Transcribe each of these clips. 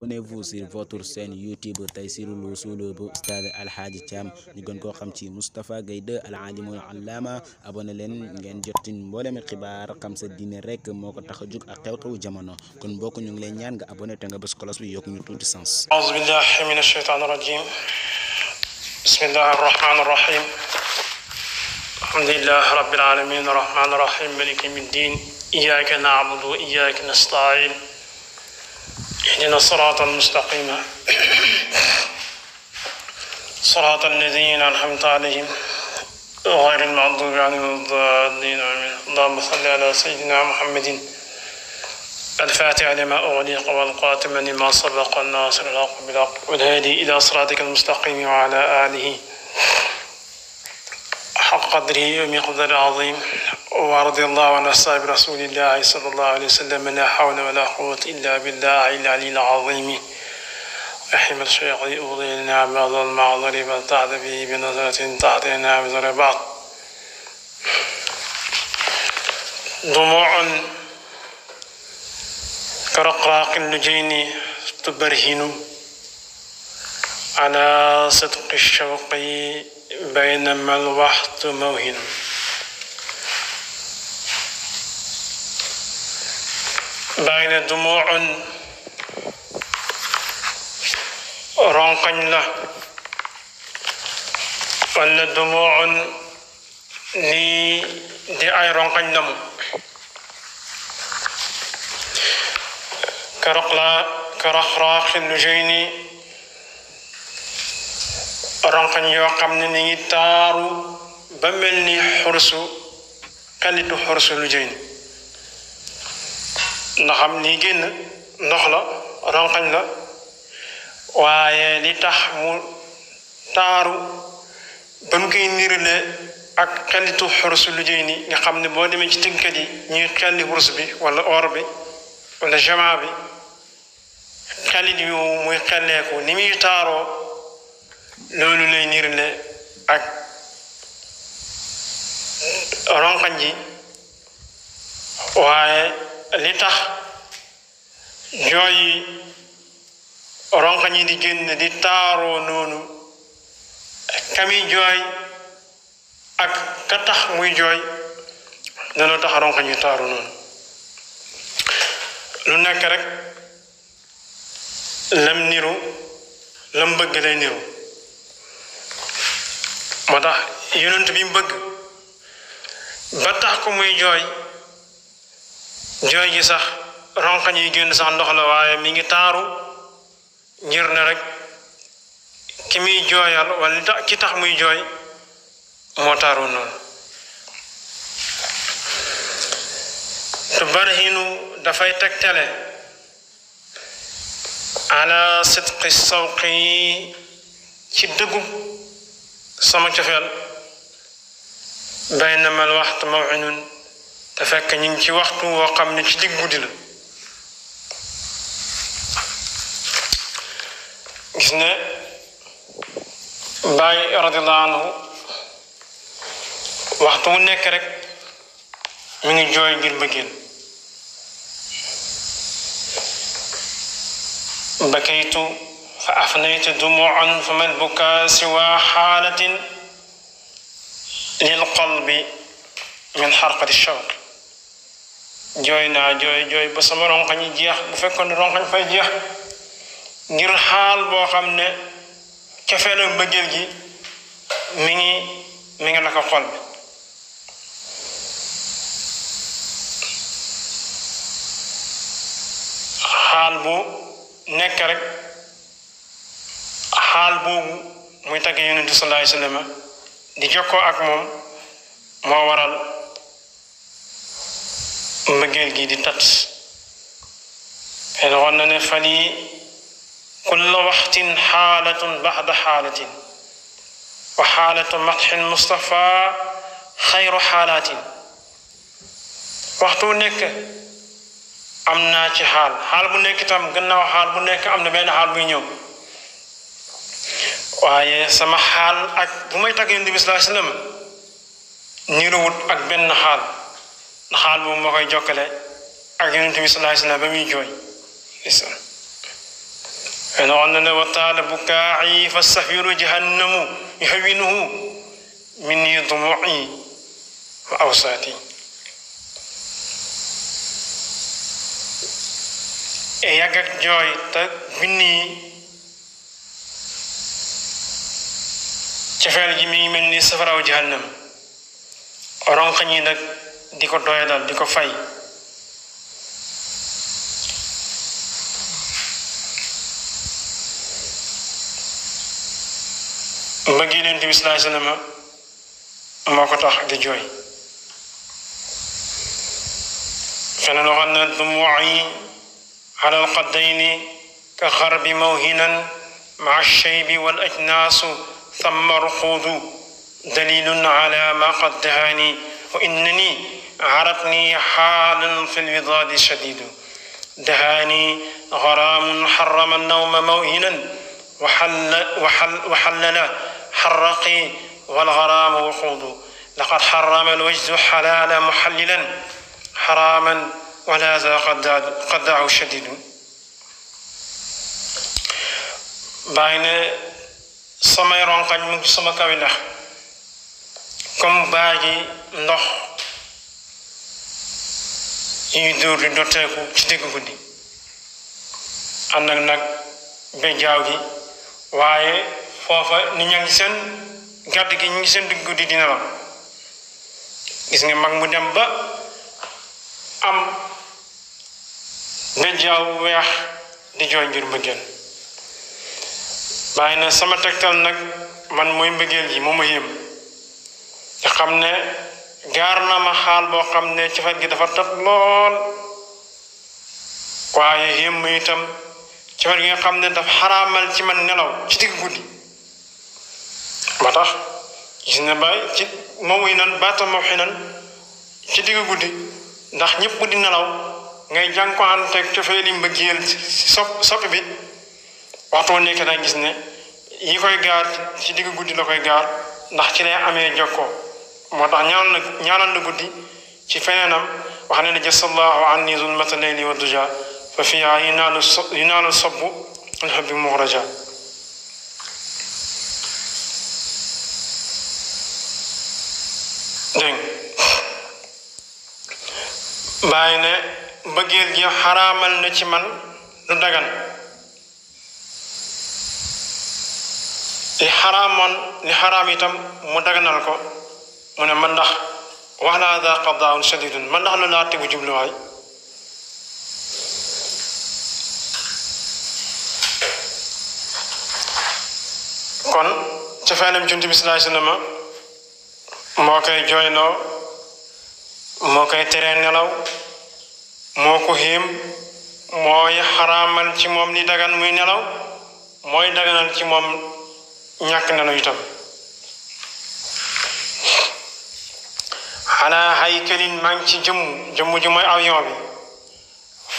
Abonnez-vous sur votre chaîne YouTube Taysiroul Wousoul bu Oustaz Alhaji Thiam ñu gën koo xam ci Moustapha Gueye 2 al alimul allama abonné leen ngeen jotin mboolem xibaar xam sa diine rek moo ko tax a jóg ak xew-xewu jamono kon mbokk ñu ngi leen ñaan nga abonné te nga bës kolos bi yokk ñu tuuti sens a'uuzu billahi mina shaytaani rajiim bismillahi rahmaani rahiim alhamdulilah rabbil alamin rahmaani rahim maliki yawmi ddin iyyaka na'budu wa iyyaka nasta'in اهدنا الصراط المستقيم صراط الذين أنعمت عليهم غير المغضوب عليهم الضالين آمين اللهم صل على سيدنا محمد الفاتح لما أغلق والقاتم لما سبق الناصر الحق بالحق والهادي إلى صراطك المستقيم وعلى آله حق قدره ومقدار عظيم ورضي الله عن أصحاب رسول الله صلى الله عليه وسلم لا حول ولا قوة إلا بالله العلي العظيم رحم الشيخ أوضي لنا بعض المعذر بل تعد به بنظرة تعطينا بذر بعض دموع كرقراق اللجين تبرهن على صدق الشوق بينما الوحط موهن بين دموع له وان دموع ني دي اي رنقنا كرقلا كرخراخ النجيني ronqañ yo xam ni ngi taru ba melni ni xursu xelitu xursu lu jëriñ na xamni génn ndox la ronqañ la waye li tax mu taru ba kay koy ak kalitu xursu lu jeyni nga xam bo demé ci tënkat yi ñi xelli xurs bi wala or bi wala jamaa bi xelit yu muy xelleeku ni mi taaroo loolu lay nirle ak eh, ronqañ waaye li tax jooyi ronqañ yi génn di taaroo noonu kami jooy ak ka tax muy jooy loolu tax ronqañ yi taaru noonu lu nekk rek lam niru lam bëgg lay niru moo tax yonent bi mu bëgg ba tax ko muy jooy jooy ji sax ronqañ yi génn sax ndox waaye mi ngi taaru njër ne rek ki muy jooyal wala ki tax muy jooy moo taaru noonu tu barhinu dafay tegtale ala sidqi sawqi ci dëggu sama cofeel bay na mal waxtu mawinun te fekk ñu ngi ci waxtu woo xam ne ci digg guddi la gis ne bàyyi radiallahu anhu waxtu wu nekk rek mi ngi jooy ngir mbëggeel bakaytu فأفنيت دموعا فما البكاء سوى حالة للقلب من حرقة الشوق جوي نا جوي جوي بس ما رونق نجيح بفكر رونق نفجيح غير حال بوخمنا كفالة بجلجي مني مني نكا قلب حال بو نكرك xaal boobu muy tagge yonente sal lai sallama di jokkoo ak moom moo waral mbëggeel gi di tat waxoon na ne fali كل وقت حالة بعد حالة وحالة مدح المصطفى خير حالات وقت نيك امنا شي حال حال بو نيك تام غناو حال بو نيك امنا بين حال بو نيوم waye sama xal ak bu may tagg yunus sallallahu alayhi wasallam niruwut ak benn xaal xaal boobu ma koy ak yonent sallallahu alayhi wasallam ba muy jooy أنا وأننا وطال بكاعي فالسفير جهنم يهونه مني ضموعي وأوساتي يا جوي مني تفعل جميع من السفر أو جهنم أرون خني نك ديكو دوية دال ديكو فاي مجيل انت بسلا سلم مكو تخ دي جوي فانا لغنى دموعي على القدين كخرب موهنا مع الشيب والأجناس والأجناس ثم رخوض دليل على ما قد دهاني وإنني عرقني حال في الوضاد شديد دهاني غرام حرم النوم موهنا وحل وحل وحلنا حرقي والغرام وقود لقد حرم الوجز حلال محللا حراما ولا قد دعو شديد بين samay ronkañ mu ngi sama kawi ndax comme baagi ndox yi dóor di ndotteeku ci digg guddi ànd ak nag bejjaaw gi waaye foofa ni ña ngi seen gàdd gi ñu ngi seen digg guddi dina gis nga mag mu dem ba am bejjaaw weex di jooy ngir mbëggeel bàyyi ne sama tegtal nag man mooy mbëggeel yi mooma yëm nga xam ne gaar na ma xaal boo xam ne cofet gi dafa tat lool waaye yëm itam cofet gi nga xam ne daf xaraamal ci man nelaw ci digg guddi ba tax gis ne bàyyi ci nan baata moo xi nan ci digg guddi ndax ñëpp di nelaw ngay jànkuwanteeg cofee li mbëggeel sopp soppi bi waxtu wu nekk nag gis ne yi koy gaar ci digg guddi la koy gaar ndax ci lay amee jokkoo moo tax ñaanal na guddi ci feneenam wax ne ne jasallahu anni zulmata leyli wa duja fa fiha yunaalu yunaalu sobbu alxabbi muxraja dégg bàyyi ne bëggeel gi xaraamal na ci man lu dagan li xaraamoon li haram itam mu daganal ko mu ne man ndax wax naa daa qadaun shadidun man ndax loolu laa tegu way kon ci fanam junti bi salaay sallama moo koy jooyloo moo koy teree nelaw moo ko xéem mooy ci mom ni dagan muy nelaw moy daganal ci mom ñàkk nañu itam xanaa haykalin maa ngi ci jëmm jëmm ji mooy avion bi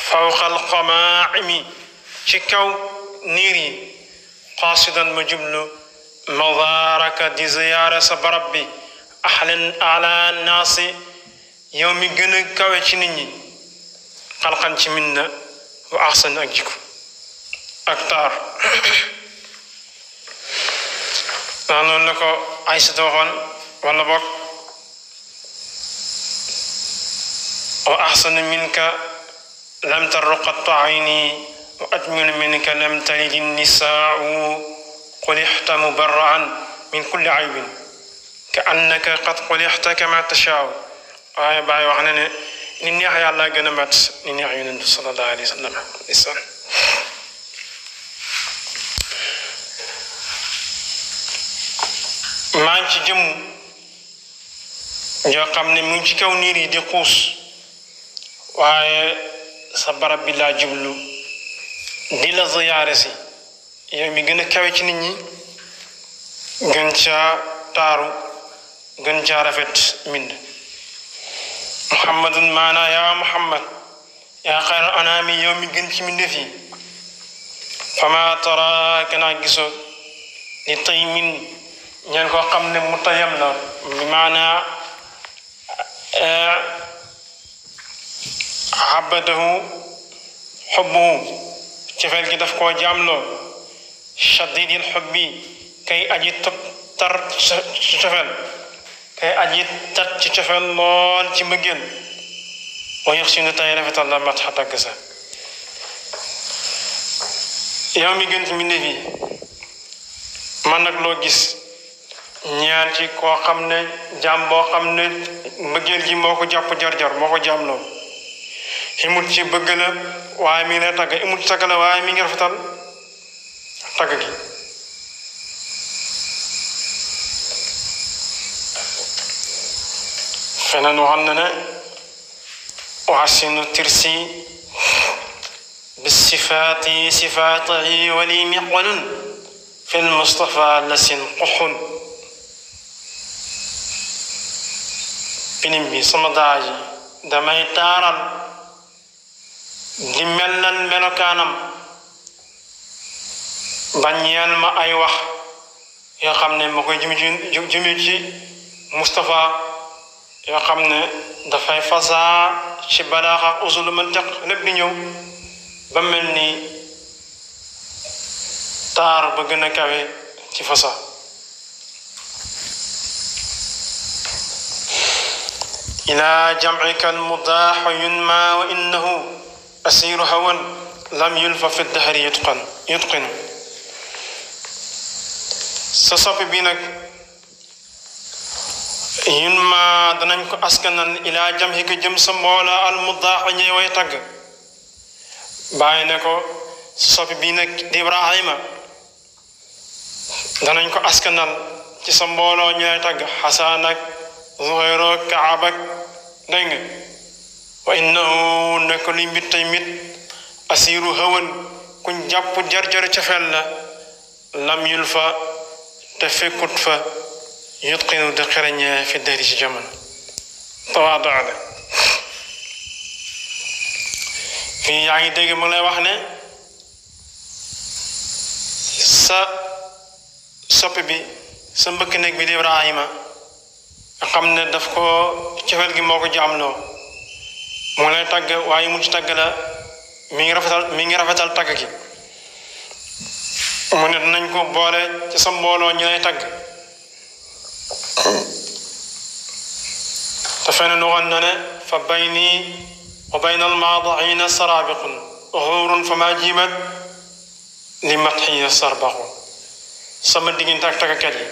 fawqal qamaa'imi ci kaw niir yi qasidan ma jublu madaaraka di ziyaara sa barab bi ahlan ala naasi yow mi gën a kawe ci nit ñi xalqan ci min na wa ahsan ak jikko ak taar نانون لكو عيسى دوخون ولا بوك منك لم ترق عيني واجمل منك لم تلد النساء قلحت مبرعا من كل عيب كانك قد قلحت كما تشاء اي آه باي وعنني نني أحيى الله جنمت نني عيون صلى الله عليه وسلم maa ngi ci jëmm joo xam ne mu ngi ci kaw niir yi di xuus waaye sa barab bi laa jublu di la ziyaare si yow mi gën a kawe ci nit ñi gën caa taaru gën caa rafet mbind muhammadun maanaa yaa muhammad yaa xayra anaami yow mi gën ci mbindeef yi fama tara kanaa gisoo li tey min ñen ko xamne ne mutajam la maana abadahu hubbu ci fel gi daf koo jaamloo shadidil hubbi kay aji tar ci cofeel kay aji tar ci cofeel lol ci mbëggeel wa yëx sinu tay rafetal la mat xa tagg sa mi gën ci minni fi man nak lo gis ñaan ci koo xam ne jaam boo xam ne mbëggeel gi moo ko jàpp jor-jor moo ko jaam loolu imut ci bëgg la waaye mi ngi lay tagg imut tagg la waaye mi ngi rafetal tagg gi feneen waxam na ne waxsinu tirsi bisifaati sifaatihi wali miqwalun fi lmustafa lasin quxun pinin mi somadaji damay taaral di mel nan melokaanam bañeel ma ay wax yoo xam ne ma koy jumi ci jumi ci Moustapha yoo xam ne dafay fasaa ci balaaxa usulu mantiq lépp di ñëw ba mel ni taar ba gën a kawe ci fasaa إلى جمعك المضاح ينمى وإنه أسير هوى لم يلف في الدهر يتقن يتقن سصب بينك ينمى دنم أسكنا إلى جمعك جمس مولا المضاح ويتق باينكو soppi بينك nag di Ibrahima danañ ko askanal ci sa ظهر كعبك دنگ وإنه نكلي متيمت أسير هون كن جاب جر جر تفعل لم يلفا تفكت فا يتقن دقرنيا في دارس جمل تواضع في يعني دقي ملا وحنا سا سبب سبب كنك بدي برايمه xamne ne daf ko cofeel gi moko jamlo mo lay tagge waaye mu ci tagge la mi ngi rafetal mi ngi rafetal tagge gi mo ne nañ ko boole ci sa mbolo ñi lay tagge te feneen waxoon na ne fa bayni wa bayna almaadiina saraabiqun xuurun fa maa jibat li matxiya sarbaxu sama diggante ak tàggkat yi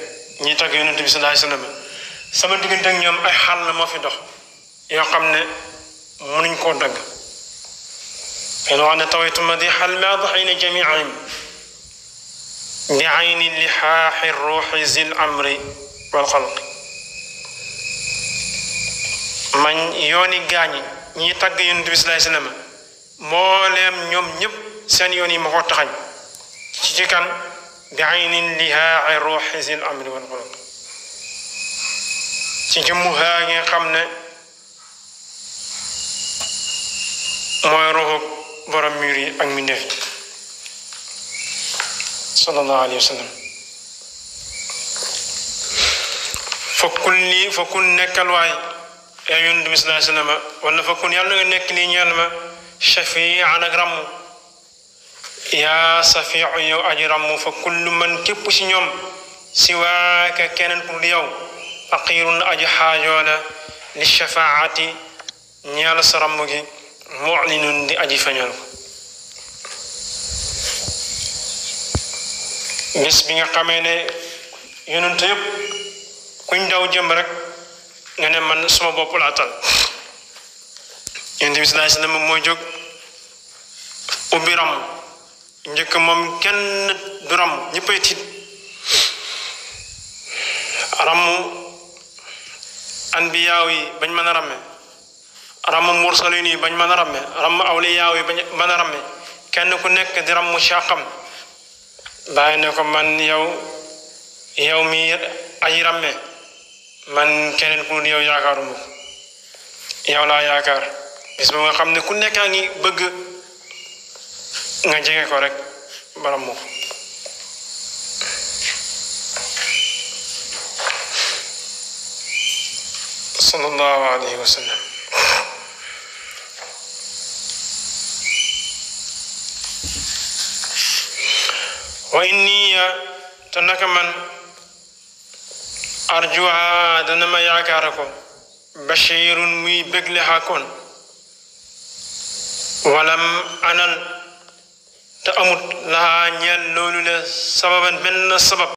ñiy tàgg sallallahu alayhi wa sama digënté ak ñom ay xal na moo fi dox yo xamné ne mënuñ koo dagg xëy na wax ne tawaytu madixa almaadixina jamiaim bi ayni ar ruuxi zil amri wal khalq man yoni gañ ñi tagg yonent bi salaay sallam mbooleem ñoom ñëpp seen yoon yi ma ko taxañ ci ci kan bi ayni ar ruuxi zil amri wal khalq ci jëmmu xaa nga xam ne mooy roxu borom mur yi ak mbindeef yi sallallahu alayhi wa sallam fa kun lii fa kun nekkal waay yaa yonent bi sallallahu alayhi wa sallam wala fa kun yàlla nga nekk lii ñeel ma shafian ak ràmm yaa safiu yow aji ràmm fa kullu man képp ci ñoom si waaka keneen ku dul yow faqirun aji xaajoo la li shafaati ñaal saramm gi mu'linun di aji feñal bis bi nga xamee ne yonent yeb kuñ daw jëm rek nga man suma bop la tal yonent bi sallallahu alayhi wasallam ubiram njëkk moom kenn du ram ñëppay tit ramu anbiyaawi bañ mëna ramé ramme mursalini bañ mëna ramé ramme awliyaawi bañ mëna ramé ramme kenn ku nekk di ramm shaqam bàyyi ne ko man yow yow mi ay ramme man keneen ku yow yaakaaruma yow la yaakaar bis bu nga xamne ku nekkaa nga jégué ko rek baram صلى الله عليه وسلم وإني تنك من أرجوها دنما يعكاركو بشير مي بقلها هاكون ولم أنا تأمت لها نيال لولولة سببا من السبب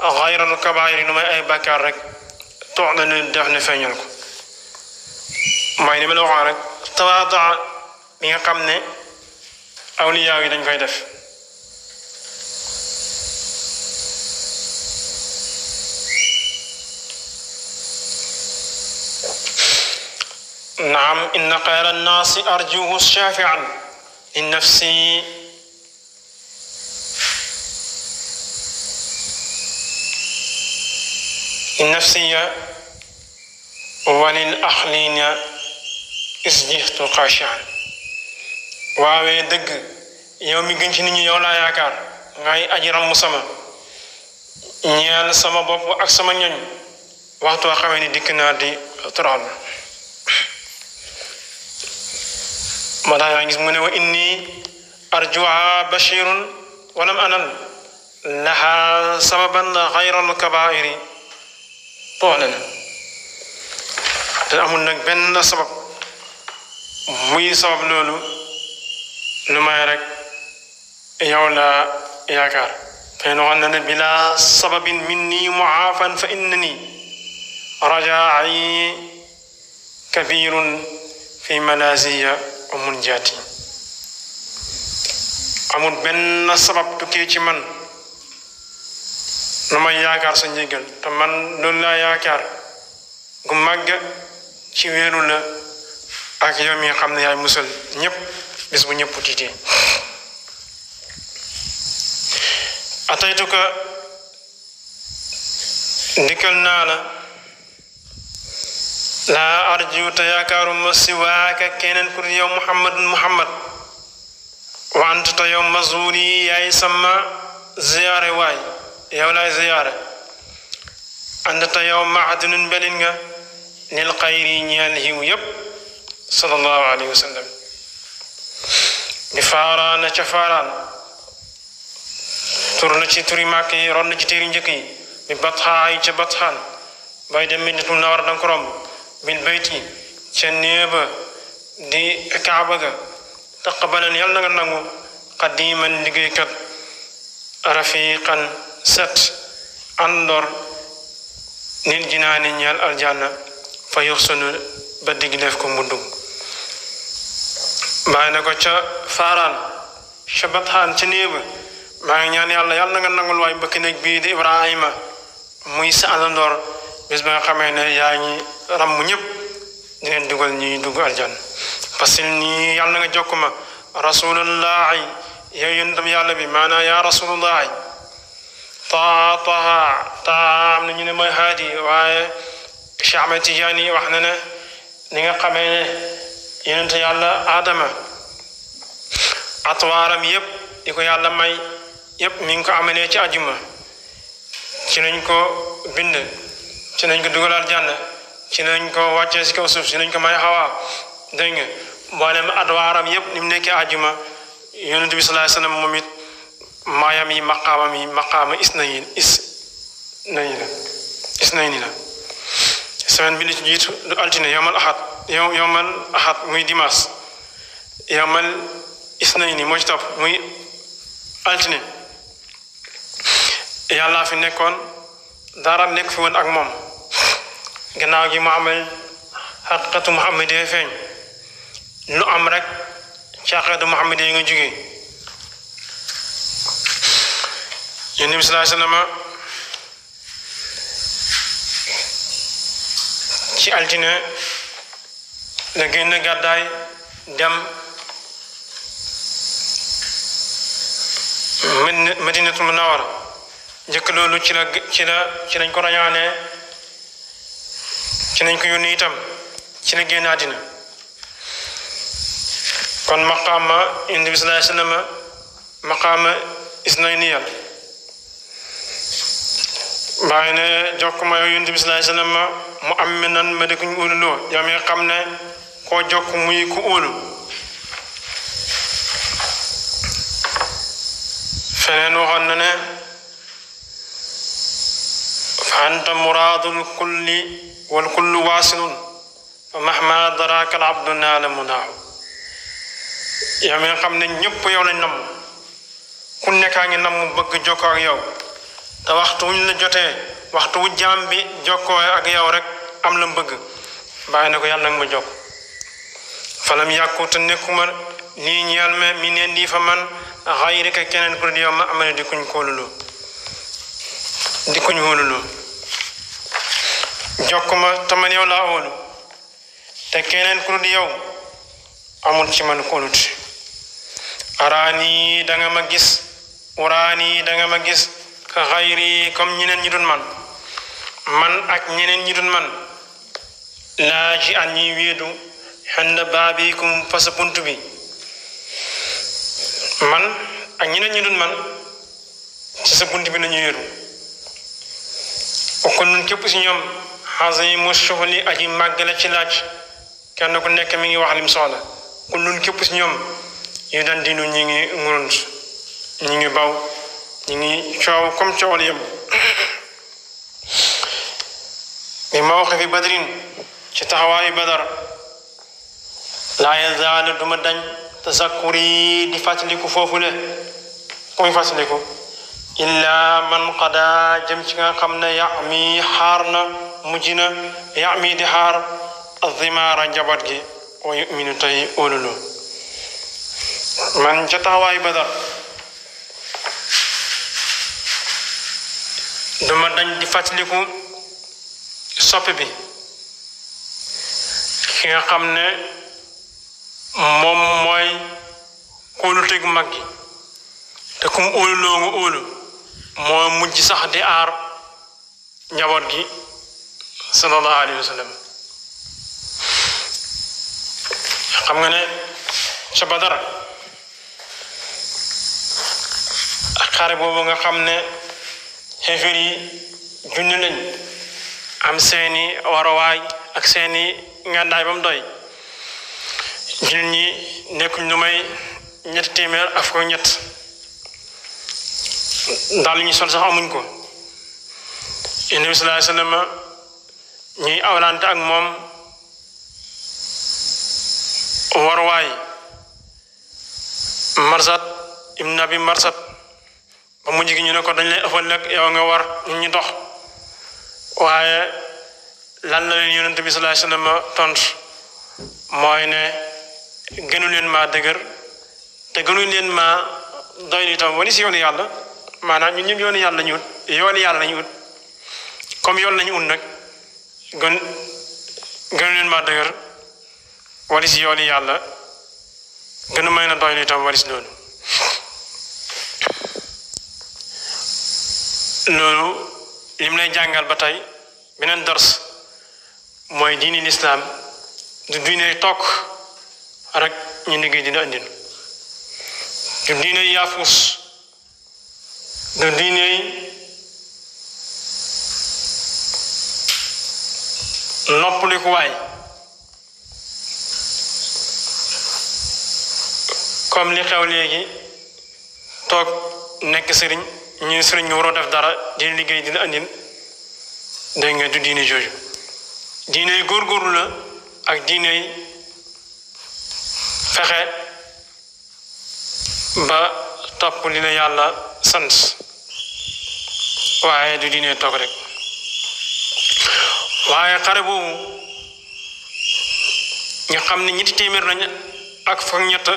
غير الكبائر نما أي بكارك toog na ne def ne feeñal ko mooy ni ma la waxoon rek tawaadaa bi nga xam ne awliyaaw yi dañ koy def naam inna xayra nnaasi arjuhu shaafian li nafsi النفسية وللأخلين isjihtu xashan waawee dëgg yow mi gën ci nit ñi yow laa sama ñeel sama bopp ak sama ñoñ waxtu xamee ni dikk naa di toroxal moo arjuha bashirun walam anal laha sababan xayral kabairi poxlene te amul nag benn sabab muy sabab loolu lu may rek yow laa yaakaar فإن ظننا بلا سبب مني معافا فإنني رجاعي كبير في منازي ومنجاتي أمر بن سبب تكيتي من nu may yaakaar sa njéggal te man loolu laa yaakaar gu màgg ci wéeru la ak yow mi xam ne yaay musal ñëpp bis bu ñëpp tiitee ataytuka dikkal naa la laa arju te yaakaaru ma keneen ku yow muhammadun muhammad wa anta te yow yaay sama ziyaare waay يولاي زيارة أنت يوم معدن بلنغا نلقيرين نيالهيو يب صلى الله عليه وسلم نفاران شفاران ترنا شي تري ماكي رن تيرين جكي ببطحا أي بطحان بايدا من نور نكرم من بيتي شنيبة دي كعبة تقبلن يلنا نغو قديما لقيكت رفيقا set andoor nit jinaani ñeel aljanna fa yuxsanu ba digleef ko mbuddum bàyyi na ko ca faaraan ca batxaan ca néeba maa ngi ñaan yàlla yàlla nanga nga nangul waay bëkk néeg bii di ibrahima muy sa àndandoor bis ba nga xamee ne yaa ngi ràmm ñëpp di leen dugal ñuy dugg aljan parce que yàlla na jokk ma rasulullahi yow yonentam yàlla bi maanaa yaa rasulullahi taa taha taa am na ñu ne mooy haadi waaye Cheikh Ahmed Tidiane wax na ne ni nga xamee ne yonente yàlla aadama atwaaram yépp di ko yàlla may yépp mi ngi ko amalee ci ajuma ci nañ ko bind ci nañ ko dugalal jànn ci nañ ko wàccee si kaw suuf ci nañ ko may xawaa dégg nga mboolem atwaaram yépp ni mu nekkee ajuma yonente bi sallallahu alayhi wasallam moom maayam yi maqaamam yi maqaama is nayi is nayi la is nayi ni la semaine bi li ci jiitu du altine yowmal axat yow yowmal axat muy dimanche yowmal is nayi ni moo ci topp muy altine yàllaa fi nekkoon dara nekk fi woon ak moom gannaaw gi mu amal xaqatu muhammad yi feeñ lu am rek caaxeetu muhammad yi nga jógee yonent bi sallallahu alayhi ci altine la génn gàddaay dem madinatu munawara njëkk loolu ci la ci lañ ko rañaanee ci lañ ko yónni itam ci la génn àddina kon maqaama yonent bi sallallahu alayhi wa sallam maqaama isnayni yàlla bayne jokk jox ko ma yow yonent sallallahu alayhi wasallam mu am mi nan ma di kuñ óoluloo yow mi xam jokk muy ku óolu feneen waxoon na ne fa anta muraadul kulli wal kullu wasilun fa mahma daraaka al abdu naala munaahu yow mi xam ne ñëpp yow lañ namm ku nekkaa ngi bëgg jokkoo ak yow te waxtu wuñ la jotee wu jaam bi jokkoo ak yow rek am la mbëgg bàyyi na ko yàlla nga ma jokk falam yàkku te nekkuma lii ñeel ma mi neen lii fa man xayri ka keneen ku dul yow di kuñ ma te man keneen ku amul ci man kóolut araani danga ma gis waraani danga ma gis ka xayri comme ñeneen ñi dun man man ak ñeneen ñi dun man laa ji an ñuy wéedu xend baabikum fa sa bunt bi man ak ñeneen ñi dun man ci bi nañu wéedu kon nun képp si ñoom xasee mu soxli aji màgg la ci laaj kenn ku nekk mi ngi wax lim soxla kon nun si ñoom yu daan dinu ñi ngi nguruntu ñi ngi baw كم تشاوليم موقف بدرين شتاوي بدر لا يزال دمدن تزكري لفاتني كفوفولا كم فاتنيكو إلا من قدا جمشنا كمنا يعمي حارنا مجنا يعمي دحار الضمار جبرجي ويؤمن تاي أولولو من جتاوي بدر duma dañ di fàttaliku soppe bi ki nga xam ne moom mooy óolu tegu mag gi te kum óolu loo nga óolu mujj sax di aar njaboot gi sallallahu alayhi wa xam nga ne ca Badar ak xare boobu nga xam ne xéeféer yi junni am seeni warowaay ak seeni ngàndaay bam mu doy jullit ñi nekkuñ lu may ñetti téeméer af ko ñett daal ñu sol sax amuñ ko yonent sallallahu alayhi wasallam ñuy awlante ak moom marzat ibn nabi marzat ba mujj gi ñu ne ko dañ lay ëffal nag yow nga war ñu dox waaye lan la leen yonent bi sallallahu alayhi wasallam tontu mooy ne gënu leen maa dëgër te gënu leen maa doy li tam wani si yoonu yàlla maanaam ñun ñëpp yoonu yàlla ñu ut yoonu yàlla ñu ut comme yoon lañu ut nag gën leen maa dëgër wali si yoonu yàlla gënu may na doy li tam wali si loolu loolu lim lay jangal batay benen dars mooy dini lislaam du dine tok rek ñu ngi dina andil du diine yaafus du diine ko way comme li xew legi tok nek serigne ñi sëriñ ñu waroo def dara dina liggéey dina andin day nga du diine jooju diine yi góorgóorlu la ak diine yi fexe ba topp li la yàlla sant waaye du diine toog rek waaye xare boobu ñu xam ne ñetti téeméer nañ ak fa ñett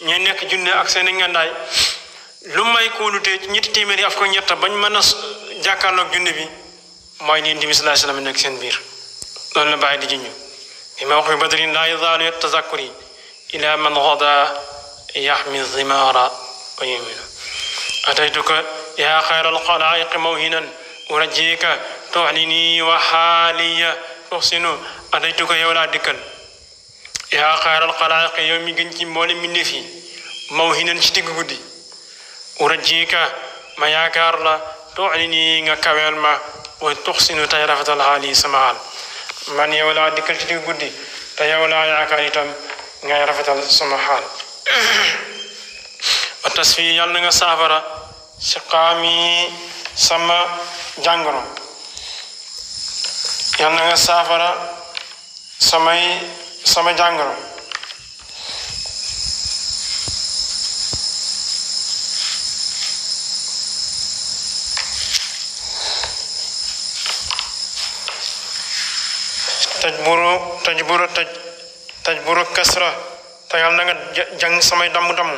ñe nekk junne ak seen ngandaay lu may kóolutee ci ñetti téeméeri af ko ñett bañ mën a jàkkaarloog junne bi mooy ni indi bi sallallahu alayhi wa sallam nekk seen biir loolu la bàyyi di junj li ma wax bi badrin laa yazaalu ila man gada yaxmi zimaara wa yuminu ataytuka yaa xayra alxalaayiqi mawhinan urajika tuxlinii wa xaaliya tuxsinu ataytuka yow laa dikkal yaa xayra alxalaayiqi yow mi gën ci mboole mbindeef mawhinan ci digg guddi ورجيكا ما يكارلا تعلني نكوين ما وتحسن تيرفة الحالي سمال من يولا دكتي قدي تيولا يعكاري تم غيرفة السمحال وتسفي يالنا سافرا سقامي سما جانغرو يالنا سافرا سمي سما جانغرو tajburu tajburu taj tajburu kasra tayal nangat jang samay dam dam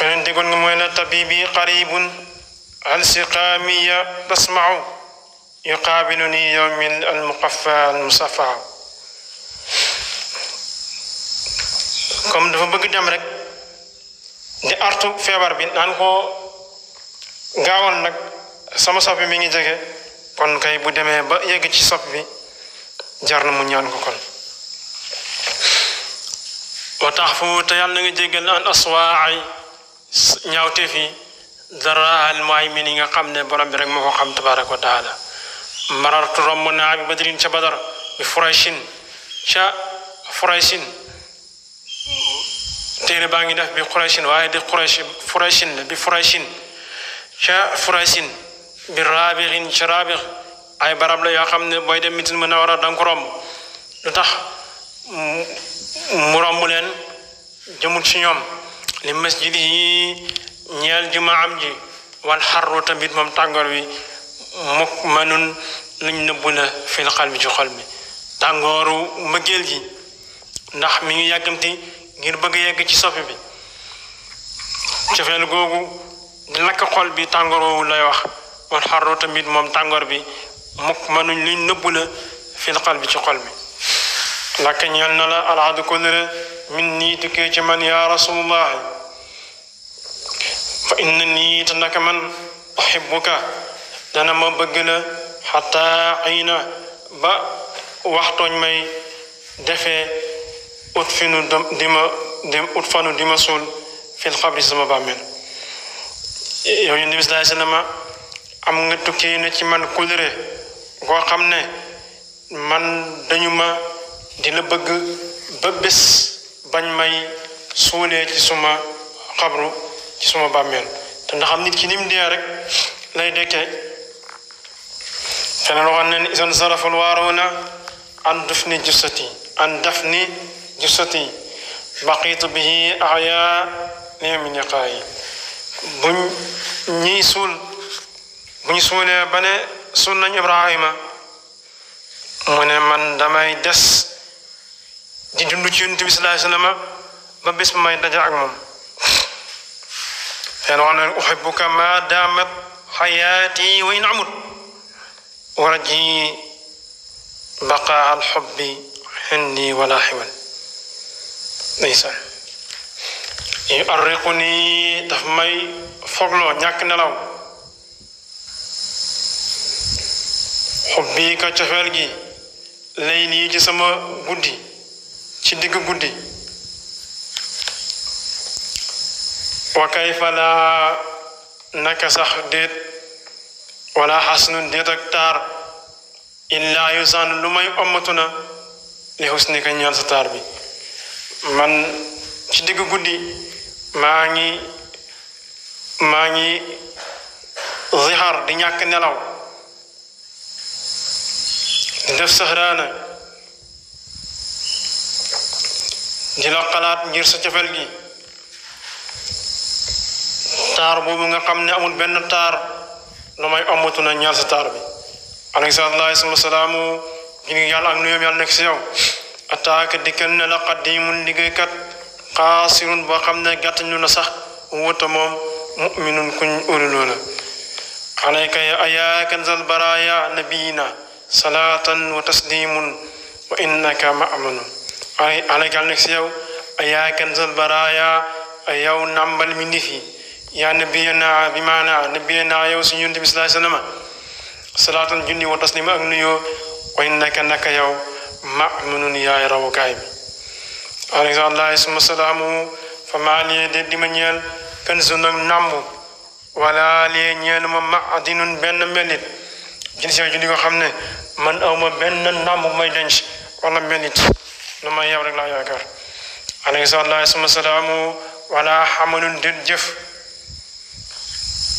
feneen digon ngumena tabibi qaribun al siqamiya tasmau yuqabiluni yawmin al muqaffa al musaffa comme dafa bëgg dem rek di artu febar bi nan ko gawal nak sama soppi mi ngi jege kon kay bu demee ba yegg ci sopp bi jar na mu ñaan ko kon wa tax fu te yàlla na nga jéggal an aswaay ñaawteef yi daraal maay mi ni nga xam ne borom bi rek moo ko xam tabaraka wa taala marartu romb naa bi badrin ca badar bi furaysin ca furaysin téere baa ngi def bi furaysin waaye di furaysin furaysin la bi furaysin ca furaysin bi raabixin ci raabix ay barab la yoo xam ne booy dem mitin mën a war a danga ko romb lu tax mu romb leen jëmul ci ñoom li masjid yi ñeel juma am ji wal xarru tamit moom tàngoor wi muk manun luñ nëbb la fil xal bi ci xol bi gi ndax mi ngi yàggamti ngir bëgg yegg ci soppi bi cofeel googu lakk xol bi tàngoor lay wax والحر تميد مم تانغر بي مك منو لين نبولة في القلب في قلبي لكن يلنا لا العاد كلرة مني تكيج من يا رسول الله فإنني تنك من أحبك دنا ما بقنا حتى عينا با وقت ماي دفع أطفن دم دم أطفن دم سول في القبر زما بعمل يوم النبي صلى الله عليه وسلم am nga tukkee na ci man kulre goo xam ne man dañu ma di bëgg ba bés bañ may suulee ci suma xabru ci suma bàmmeel te ndax am nit ki nim dee rek lay dekkee feneen waxoon ne isan saraful waaruuna an dufni jussati an dafni jussati baqitu bihi aya ne min ñaqaayi buñ ñiy suul buñu soone suunee ba ne suun nañ Ibrahima mu ne man damay des di dund ci yonent bi sallallahu alayhi wa ba bés may daje ak moom leen wax ne uxibuka ma damat xayaati wa in amut waraji baqa alxubbi xindi wala xiwal ndeysaan yuarriqu nii daf may fogloo ñàkk nelaw xub ka cofeel gi lay nii ci sama guddi ci digg guddi wa kayfa laa naka sax déet wala xasnu déet ak taar illaa yusaan lu may ommatu na li ka ñaan sa taar bi man ci digg guddi maa ngi maa ngi zihar di ñàkk nelaw def saxraana di la xalaat ngir sa cofeel gi taar boobu nga xam ne amul benn taar lu may ombatu na ñaar sa taar bi alayhi salaatu wa salaamu ñu ngi yàlla ak nuyoom yàlla nekk si yow ataaka dikkal ne la qadimun liggéeykat xaasirun boo xam ne gàttañu na sax wota moom muminun kuñ uliloo la alayka ya ayaa kanzal baraya nabiyina salaatan wa taslimun wa innaka ma'munu ay alaykal nekk si ayaa kanzal baraaya yow nàmbal mi ndif yaa nabiyana bi maanaa nabiyana yow suñu yonent bi sallallahu alayhi salaatan junni wa taslima ak nuyoo wa innaka naka yow ma'munun yaay rawukaay bi alhamdulilah suma salaamu ma ñeel benn mbelit gis yooyu di nga man awma ben benn ndam bu may denc wala melit lu may yow rek la yaakar alayhi salaatu wa salaamu wala xamalun den jëf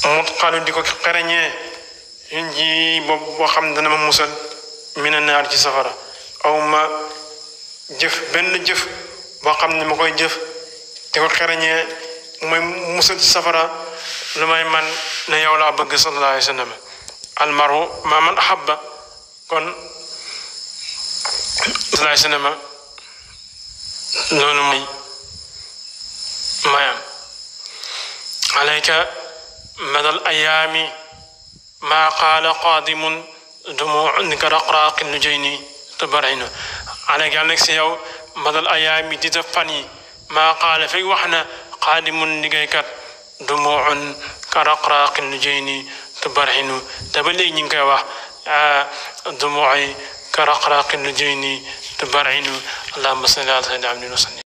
mutqalu di ko xereñee ji bo bo xam dana ma musal min naar ci safara awma ma jëf benn jëf boo xam ni makoy jëf di ko xereñee musal ci safara lu man na yaw la bëgg sallallahu alayhi wasallam almaru ma man ahabba kon salaay sinema noonu mooy mayam alayka madal ayaami ma qaala qaadimun dumu ni ka raqraaqi nujayni tabarayna alayka yàlla nekk si yow madal ayaami di def fan yi ma qaala fekk wax na qaadimun liggéeykat dumu ka raqraaqi nujayni تبرحنو تبلي نينكوا آه، دموعي كرقراق النجيني تبرعينو اللهم صل على سيدنا محمد وسلم